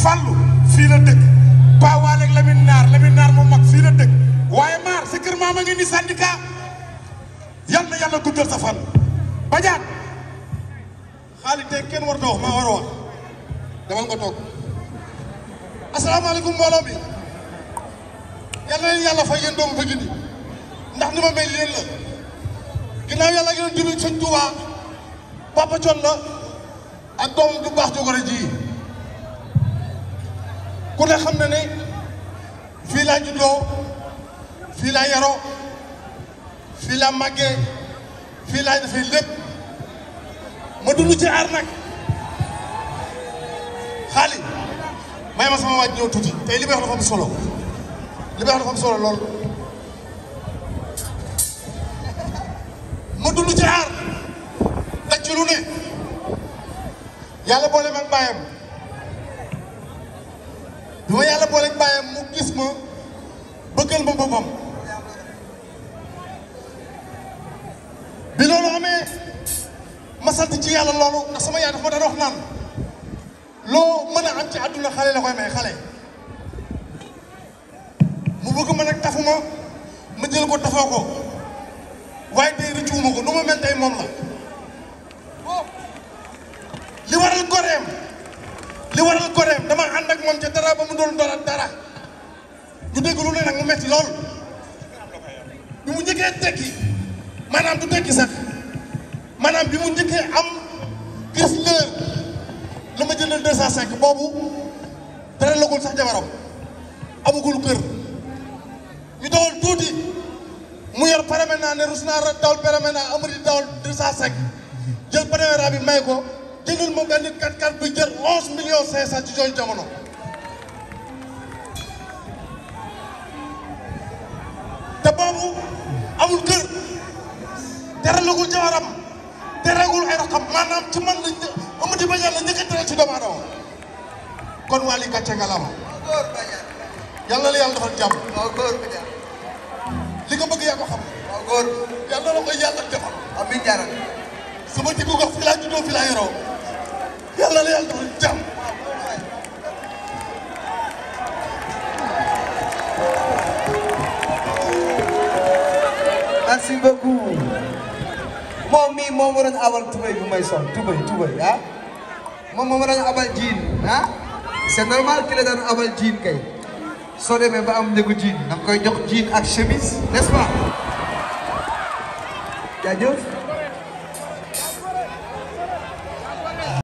Fallou fii la dëkk Paa Waale Naar Lamine Naar moom mag fii la dëkk waaye maar sa kër maama ngeen di syndicat yal na yàlla guddal sa fan. Badiane xaalis tey kenn war wax maa war a wax dama nga toog asalaamaaleykum mbooloo bi yal na fay yéen doomu bëgg nii ndax ni ma mel leen la ginnaaw yàlla ngeen jublu sëñ Tuubaa Papa Thion la ak doomam baax jogore ji ku ne xam na ne fii laa juddoo fii laa yaroo fii laa màggee fii laa defee lépp ma dund ci aar nag xaali may ma sama waaj ñëw tuuti tey li may wax dafa am solo li may wax dafa am solo lool ma dund ci aar daj ci lu ne yàlla boole mag bàyyam bi ma yàlla booleeg bàyyam mu gis ma bëggal ma boppam bi loolu amee ma sant ci yàlla loolu ndax sama yaay dafa ma daan wax naan loo mën a am ci àdduna xale la koy may xale mu bëgg ma nag tafuma ma jël ko tafoo ko waaye tey rëccuwuma ko nu ma mel tey moom ba mu doon dara dara ñu dégg lu nag mu metti lool bi mu njëkkee tekki maanaam du tekki sax maanaam bi mu njëkkee am gis la la ma jëndal deux cent cinq boobu dara lagul sax jabaram amagul kër ñu dawal tuuti mu yor ne rus naa dawal paramena amari dawal deux cent cinq jël paramena bi may ko jëndul ma benn 4x4 bi jël onze millions cinq cent ci jooju boobu amul kër teralagul jabaram teragul ay raxam maanaam ci man lañ Amady Badiane la njëkk a ci doomu aadama kon Wally gàcce ngalaama yàlla la yàlla defal jàmm li nga bëgg yaa ko xam yàlla la koy yàlla defal amiin jaarale sama jikko ko fi laa juddoo fi laa yoroo yàlla la yàlla defal jàmm merci beaucoup moom mii moom waroon abal tubay bu may sol tubay tubay ah moom moom waroon abal jiin ah c'est normal ki la daan abal jiin kay soo demee ba am njëgu jiin da koy jox jiin ak chemise nest